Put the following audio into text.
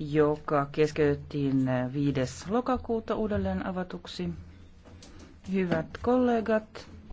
joka keskeytettiin 5. lokakuuta uudelleen avatuksi. Hyvät kollegat,